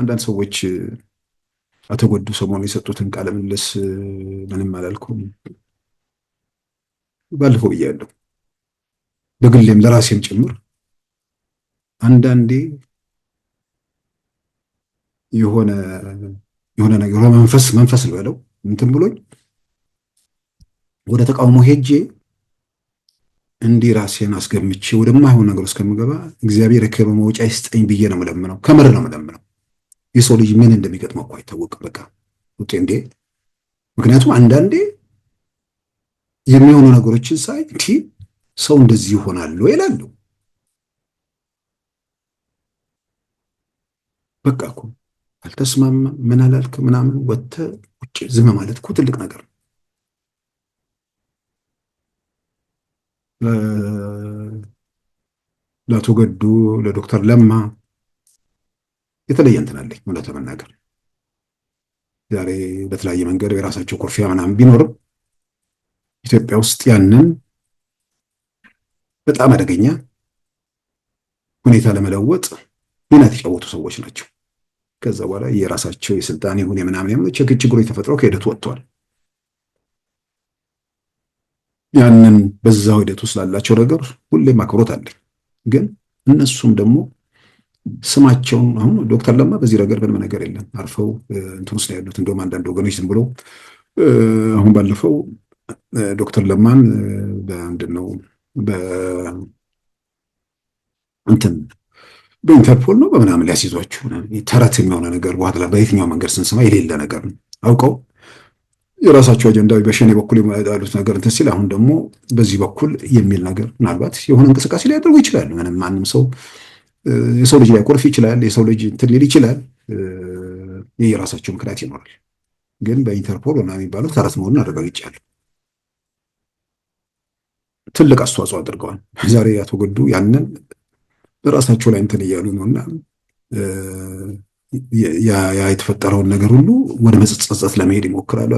አንዳንድ ሰዎች አቶ ጎዱ ሰሞኑን የሰጡትን ቃለ ምልልስ ምንም አላልኩም፣ ባለፈው ብያለሁ። በግሌም ለራሴም ጭምር አንዳንዴ የሆነ የሆነ ነገር መንፈስ መንፈስ ልበለው እንትን ብሎኝ ወደ ተቃውሞ ሄጄ እንዲህ ራሴን አስገምቼ ወደማይሆን ነገር እስከምገባ እግዚአብሔር የክብር መውጫ ይስጠኝ ብዬ ነው ምለምነው። ከምር ነው ምለምነው። የሰው ልጅ ምን እንደሚገጥመው እኮ አይታወቅም። በቃ ውጤ እንዴ ምክንያቱም አንዳንዴ የሚሆኑ ነገሮችን ሳይ እንዲህ ሰው እንደዚህ ይሆናሉ ይላሉ። በቃ እኮ አልተስማማ ምን አላልክ ምናምን ወጥተህ ውጭ ዝም ማለት እኮ ትልቅ ነገር ነው። ለአቶ ገዱ ለዶክተር ለማ የተለየ እንትን አለኝ እውነት ለመናገር ዛሬ በተለያየ መንገድ የራሳቸው ኩርፊያ ምናምን ቢኖርም ኢትዮጵያ ውስጥ ያንን በጣም አደገኛ ሁኔታ ለመለወጥ ሚና የተጫወቱ ሰዎች ናቸው። ከዛ በኋላ የራሳቸው የስልጣን ይሁን የምናምን ችግር ችግሮች ተፈጥረው ከሂደቱ ወጥተዋል። ያንን በዛው ሂደቱ ስላላቸው ነገር ሁሌም አክብሮት አለኝ። ግን እነሱም ደግሞ ስማቸውን አሁን ዶክተር ለማ በዚህ ረገድ ምንም ነገር የለም አርፈው እንትን ውስጥ ያሉት። እንደውም አንዳንድ ወገኖች ዝም ብሎ አሁን ባለፈው ዶክተር ለማን በምንድን ነው እንትን በኢንተርፖል ነው በምናምን ሊያስይዟችሁ ተረት የሚሆነ ነገር በኋላ በየትኛው መንገድ ስንሰማ የሌለ ነገር ነው አውቀው የራሳቸው አጀንዳ በሸኔ በኩል ያሉት ነገር እንትን ሲል አሁን ደግሞ በዚህ በኩል የሚል ነገር ምናልባት የሆነ እንቅስቃሴ ሊያደርጉ ይችላሉ። ምንም ማንም ሰው የሰው ልጅ ሊያኮርፍ ይችላል። የሰው ልጅ እንትን ሊል ይችላል። የየራሳቸው ምክንያት ይኖራል። ግን በኢንተርፖል ሆና የሚባሉት ተረት መሆኑን አረጋግጫለሁ። ትልቅ አስተዋጽኦ አድርገዋል። ዛሬ አቶ ገዱ ያንን በራሳቸው ላይ እንትን እያሉ ነውና ያ የተፈጠረውን ነገር ሁሉ ወደ መጸጸት ለመሄድ ይሞክራሉ።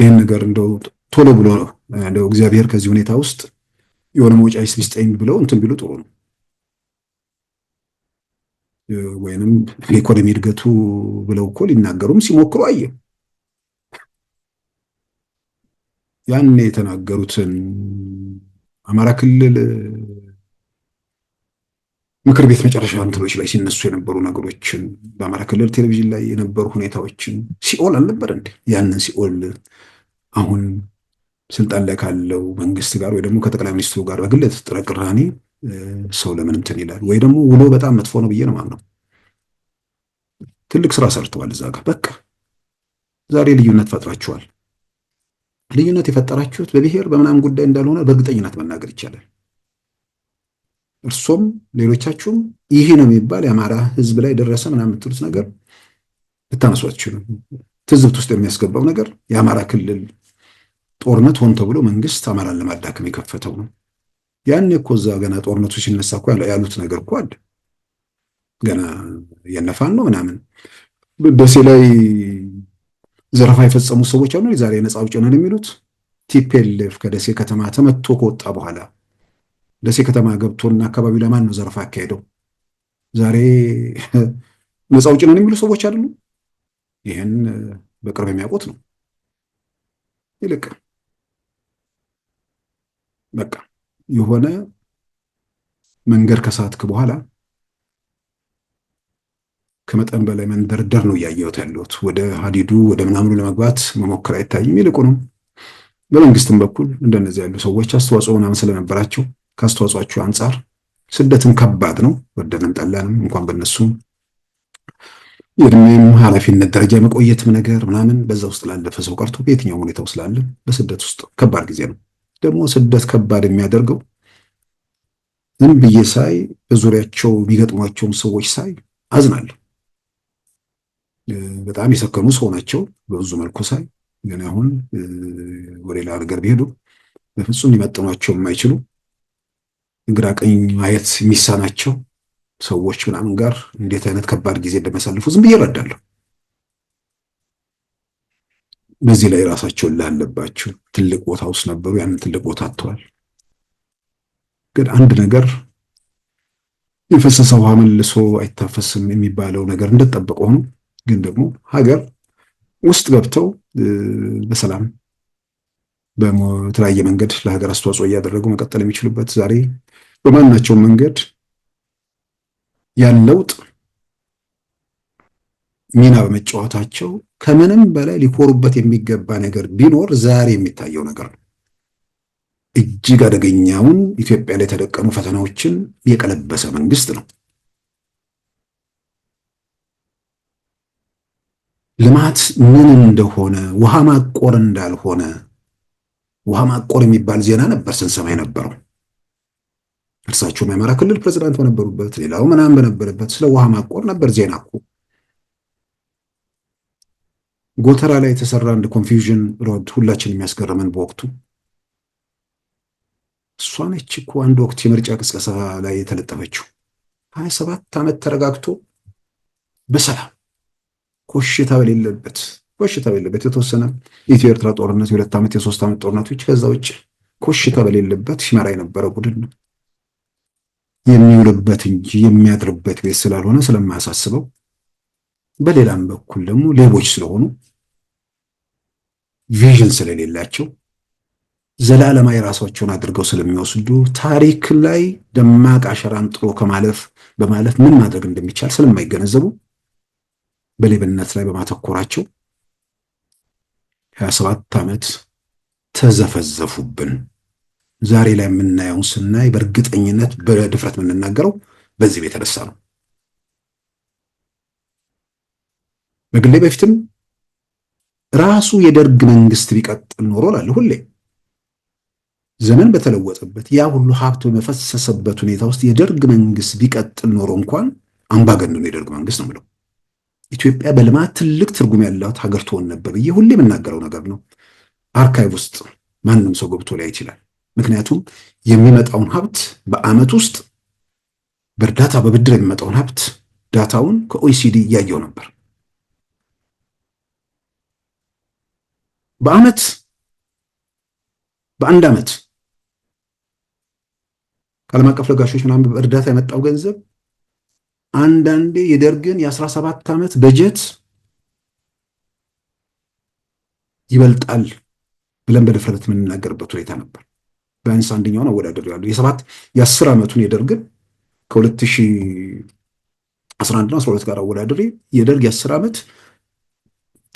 ይህን ነገር እንደው ቶሎ ብሎ ነው እንደው እግዚአብሔር ከዚህ ሁኔታ ውስጥ የሆነ መውጫ ስቢስጠኝ ብለው እንትን ቢሉ ጥሩ ነው። ወይንም ለኢኮኖሚ እድገቱ ብለው እኮ ሊናገሩም ሲሞክሩ አየ። ያን የተናገሩትን አማራ ክልል ምክር ቤት መጨረሻ እንትኖች ላይ ሲነሱ የነበሩ ነገሮችን በአማራ ክልል ቴሌቪዥን ላይ የነበሩ ሁኔታዎችን ሲኦል አልነበረ እንዴ? ያንን ሲኦል አሁን ስልጣን ላይ ካለው መንግስት ጋር ወይ ደግሞ ከጠቅላይ ሚኒስትሩ ጋር በግለት ጥረቅራኔ ሰው ለምን እንትን ይላል? ወይ ደግሞ ውሎ በጣም መጥፎ ነው ብዬ ነው ማምነው። ትልቅ ስራ ሰርተዋል እዛ ጋር በቃ ዛሬ ልዩነት ፈጥራችኋል። ልዩነት የፈጠራችሁት በብሔር በምናምን ጉዳይ እንዳልሆነ በእርግጠኝነት መናገር ይቻላል። እርሶም ሌሎቻችሁም ይሄ ነው የሚባል የአማራ ህዝብ ላይ ደረሰ ምናምን የምትሉት ነገር ልታነሱ አትችሉም። ትዝብት ውስጥ የሚያስገባው ነገር የአማራ ክልል ጦርነት ሆን ተብሎ መንግስት አማራን ለማዳከም የከፈተው ነው። ያን እኮ እዛ ገና ጦርነቱ ሲነሳ እኮ ያሉት ነገር እኮ አለ። ገና የነፋን ነው ምናምን ደሴ ላይ ዘረፋ የፈጸሙ ሰዎች አሉ። የዛሬ ነፃ አውጪ ነን የሚሉት ቲፔልፍ ከደሴ ከተማ ተመቶ ከወጣ በኋላ ደሴ ከተማ ገብቶና አካባቢው ለማን ነው ዘረፋ ያካሄደው? ዛሬ ነፃ አውጪ ነን የሚሉ ሰዎች አሉ። ይህን በቅርብ የሚያውቁት ነው። ይልቅ በቃ የሆነ መንገድ ከሳትክ በኋላ ከመጠን በላይ መንደርደር ነው እያየሁት ያለሁት። ወደ ሀዲዱ ወደ ምናምኑ ለመግባት መሞከር አይታይም። ይልቁ ነው በመንግስትም በኩል እንደነዚህ ያሉ ሰዎች አስተዋጽኦ ምናምን ስለነበራቸው ከአስተዋጽኦአቸው አንጻር ስደትን ከባድ ነው ወደንም ጠላንም እንኳን በነሱ የእድሜም ኃላፊነት ደረጃ መቆየትም ነገር ምናምን በዛ ውስጥ ላለፈ ሰው ቀርቶ በየትኛው ሁኔታው ስላለ በስደት ውስጥ ከባድ ጊዜ ነው። ደግሞ ስደት ከባድ የሚያደርገው ዝም ብዬ ሳይ በዙሪያቸው የሚገጥሟቸውን ሰዎች ሳይ አዝናለሁ። በጣም የሰከኑ ሰው ናቸው በብዙ መልኩ ሳይ፣ ግን አሁን ወደ ሌላ ነገር ቢሄዱ በፍጹም ሊመጥኗቸው የማይችሉ ግራ ቀኝ ማየት የሚሳናቸው ሰዎች ምናምን ጋር እንዴት አይነት ከባድ ጊዜ እንደሚያሳልፉ ዝም ብዬ እረዳለሁ። በዚህ ላይ ራሳቸውን ላለባቸው ትልቅ ቦታ ውስጥ ነበሩ። ያንን ትልቅ ቦታ አጥተዋል። ግን አንድ ነገር የፈሰሰ ውሃ መልሶ አይታፈስም የሚባለው ነገር እንደጠበቀ ሆኖ ግን ደግሞ ሀገር ውስጥ ገብተው በሰላም በተለያየ መንገድ ለሀገር አስተዋጽኦ እያደረጉ መቀጠል የሚችሉበት ዛሬ በማናቸው መንገድ ያን ለውጥ ሚና በመጫወታቸው ከምንም በላይ ሊኮሩበት የሚገባ ነገር ቢኖር ዛሬ የሚታየው ነገር ነው። እጅግ አደገኛውን ኢትዮጵያ ላይ የተደቀኑ ፈተናዎችን የቀለበሰ መንግስት ነው። ልማት ምን እንደሆነ ውሃ ማቆር እንዳልሆነ ውሃ ማቆር የሚባል ዜና ነበር ስንሰማ የነበረው። እርሳቸውም የአማራ ክልል ፕሬዚዳንት በነበሩበት ሌላው ምናምን በነበረበት ስለ ውሃ ማቆር ነበር ዜና እኮ ጎተራ ላይ የተሰራ አንድ ኮንፊውዥን ሮድ ሁላችን የሚያስገርመን በወቅቱ እሷ ነች እኮ አንድ ወቅት የምርጫ ቅስቀሳ ላይ የተለጠፈችው ሀያ ሰባት ዓመት ተረጋግቶ በሰላም ኮሽታ በሌለበት ኮሽታ በሌለበት የተወሰነ የኢትዮ ኤርትራ ጦርነት የሁለት ዓመት የሶስት ዓመት ጦርነቶች ከዛ ውጭ ኮሽታ በሌለበት ሲመራ የነበረ ቡድን ነው። የሚውልበት እንጂ የሚያድርበት ቤት ስላልሆነ ስለማያሳስበው፣ በሌላም በኩል ደግሞ ሌቦች ስለሆኑ ቪዥን ስለሌላቸው ዘላለማዊ ራሳቸውን አድርገው ስለሚወስዱ ታሪክ ላይ ደማቅ አሸራን ጥሎ ከማለፍ በማለፍ ምን ማድረግ እንደሚቻል ስለማይገነዘቡ በሌብነት ላይ በማተኮራቸው 27 ዓመት ተዘፈዘፉብን። ዛሬ ላይ የምናየውን ስናይ በእርግጠኝነት በድፍረት የምንናገረው በዚህ የተነሳ ነው። በግሌ በፊትም ራሱ የደርግ መንግስት ቢቀጥል ኖሮ ላለ ሁሌ ዘመን በተለወጠበት ያ ሁሉ ሀብት በመፈሰሰበት ሁኔታ ውስጥ የደርግ መንግስት ቢቀጥል ኖሮ እንኳን አምባገነኑ የደርግ መንግስት ነው የምለው። ኢትዮጵያ በልማት ትልቅ ትርጉም ያላት ሀገር ትሆን ነበር ብዬ ሁሌ የምናገረው ነገር ነው። አርካይቭ ውስጥ ማንም ሰው ገብቶ ላይ ይችላል። ምክንያቱም የሚመጣውን ሀብት በአመት ውስጥ በእርዳታ በብድር የሚመጣውን ሀብት ዳታውን ከኦኢሲዲ እያየው ነበር። በአመት በአንድ አመት ከዓለም አቀፍ ለጋሾች ምናምን እርዳታ የመጣው ገንዘብ አንዳንዴ የደርግን የአስራ ሰባት ዓመት በጀት ይበልጣል ብለን በድፍረት የምንናገርበት ሁኔታ ነበር። ቢያንስ አንደኛውን አወዳደር ያሉ የሰባት የአስር ዓመቱን የደርግን ከሁለት ሺ አስራ አስራ ሁለት ጋር አወዳደሬ የደርግ የአስር ዓመት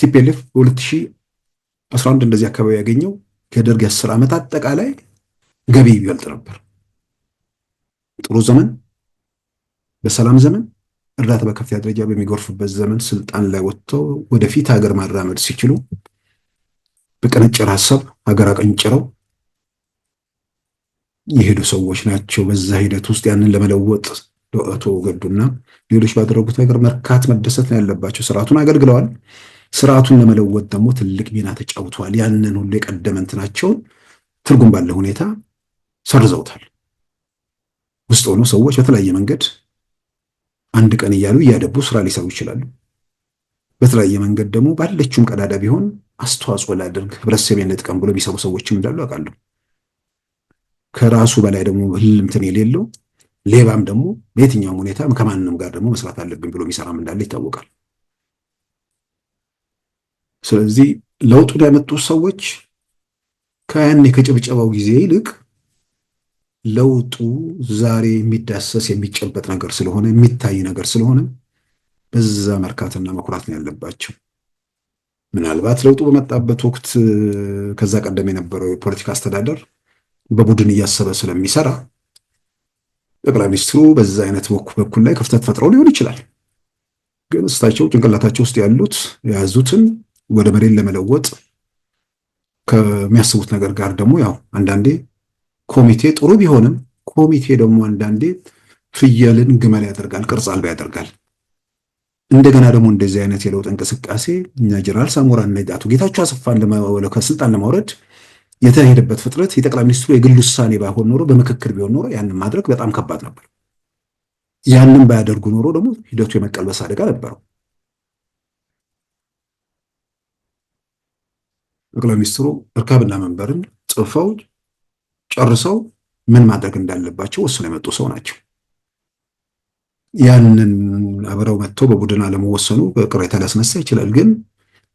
ቲፒኤልኤፍ በሁለት ሺ 11 እንደዚህ አካባቢ ያገኘው ከደርግ አስር ዓመት አጠቃላይ ገቢ ይበልጥ ነበር። ጥሩ ዘመን በሰላም ዘመን እርዳታ በከፍተኛ ደረጃ በሚጎርፍበት ዘመን ስልጣን ላይ ወጥተው ወደፊት ሀገር ማራመድ ሲችሉ በቀነጨረ ሀሳብ ሀገር አቀንጭረው የሄዱ ሰዎች ናቸው። በዛ ሂደት ውስጥ ያንን ለመለወጥ አቶ ገዱና ሌሎች ባደረጉት ነገር መርካት መደሰት ነው ያለባቸው። ስርዓቱን አገልግለዋል። ስርዓቱን ለመለወጥ ደግሞ ትልቅ ሚና ተጫውተዋል። ያንን ሁሉ የቀደመ እንትናቸውን ትርጉም ባለ ሁኔታ ሰርዘውታል። ውስጥ ሆኖ ሰዎች በተለያየ መንገድ አንድ ቀን እያሉ እያደቡ ስራ ሊሰሩ ይችላሉ። በተለያየ መንገድ ደግሞ ባለችውም ቀዳዳ ቢሆን አስተዋጽኦ ላድርግ ህብረተሰብ ልጥቀም ብሎ የሚሰሩ ሰዎችም እንዳሉ አውቃለሁ። ከራሱ በላይ ደግሞ ህልምትን የሌለው ሌባም ደግሞ በየትኛውም ሁኔታ ከማንም ጋር ደግሞ መስራት አለብኝ ብሎ የሚሰራም እንዳለ ይታወቃል። ስለዚህ ለውጡን ያመጡት ሰዎች ከያኔ ከጭብጨባው ጊዜ ይልቅ ለውጡ ዛሬ የሚዳሰስ የሚጨበጥ ነገር ስለሆነ የሚታይ ነገር ስለሆነ በዛ መርካትና መኩራት ነው ያለባቸው። ምናልባት ለውጡ በመጣበት ወቅት ከዛ ቀደም የነበረው የፖለቲካ አስተዳደር በቡድን እያሰበ ስለሚሰራ ጠቅላይ ሚኒስትሩ በዛ አይነት በኩል ላይ ክፍተት ፈጥረው ሊሆን ይችላል። ግን እሳቸው ጭንቅላታቸው ውስጥ ያሉት የያዙትን ወደ መሬት ለመለወጥ ከሚያስቡት ነገር ጋር ደግሞ ያው አንዳንዴ ኮሚቴ ጥሩ ቢሆንም ኮሚቴ ደግሞ አንዳንዴ ፍየልን ግመል ያደርጋል፣ ቅርጽ አልባ ያደርጋል። እንደገና ደግሞ እንደዚህ አይነት የለውጥ እንቅስቃሴ እነ ጀነራል ሳሞራ እነ አቶ ጌታቸው አሰፋን ከስልጣን ለማውረድ የተሄደበት ፍጥረት የጠቅላይ ሚኒስትሩ የግል ውሳኔ ባይሆን ኖሮ በምክክር ቢሆን ኖሮ ያንን ማድረግ በጣም ከባድ ነበር። ያንን ባያደርጉ ኖሮ ደግሞ ሂደቱ የመቀልበስ አደጋ ነበረው። ጠቅላይ ሚኒስትሩ እርካብና መንበርን ጽፈው ጨርሰው ምን ማድረግ እንዳለባቸው ወስነው የመጡ ሰው ናቸው። ያንን አብረው መጥተው በቡድን አለመወሰኑ በቅሬታ ሊያስነሳ ይችላል። ግን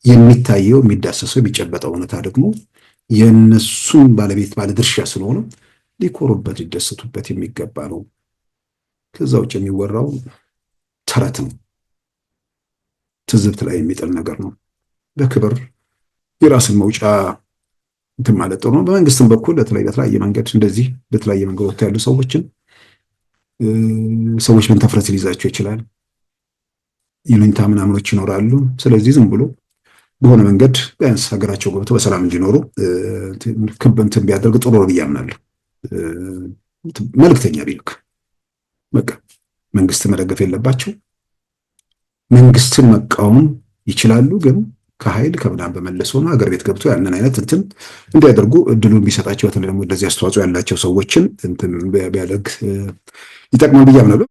የሚታየው የሚዳሰሰው የሚጨበጠው እውነታ ደግሞ የእነሱን ባለቤት ባለድርሻ ስለሆነ ሊኮሩበት ሊደሰቱበት የሚገባ ነው። ከዛ ውጭ የሚወራው ተረት ነው። ትዝብት ላይ የሚጥል ነገር ነው። በክብር የራስን መውጫ እንትን ማለት ጥሩ ነው። በመንግስትም በኩል ለተለያየ መንገድ እንደዚህ ለተለያየ መንገድ ወጥቶ ያሉ ሰዎችን ሰዎች ተፍረት ሊይዛቸው ይችላል። ይሉኝታ ምናምኖች ይኖራሉ። ስለዚህ ዝም ብሎ በሆነ መንገድ ቢያንስ ሀገራቸው ገብተው በሰላም እንዲኖሩ እንትን ቢያደርግ ጥሩ ነው ብዬ አምናለሁ። ቢልክ በቃ መንግስት መደገፍ የለባቸው መንግስትን መቃወም ይችላሉ ግን ከኃይል ከምናም በመለስ ሆኖ ሀገር ቤት ገብቶ ያንን አይነት እንትን እንዲያደርጉ እድሉ ቢሰጣቸው በተለይ ደግሞ እንደዚህ አስተዋጽኦ ያላቸው ሰዎችን እንትን ቢያደርግ ይጠቅማል ብዬ አምናለሁ።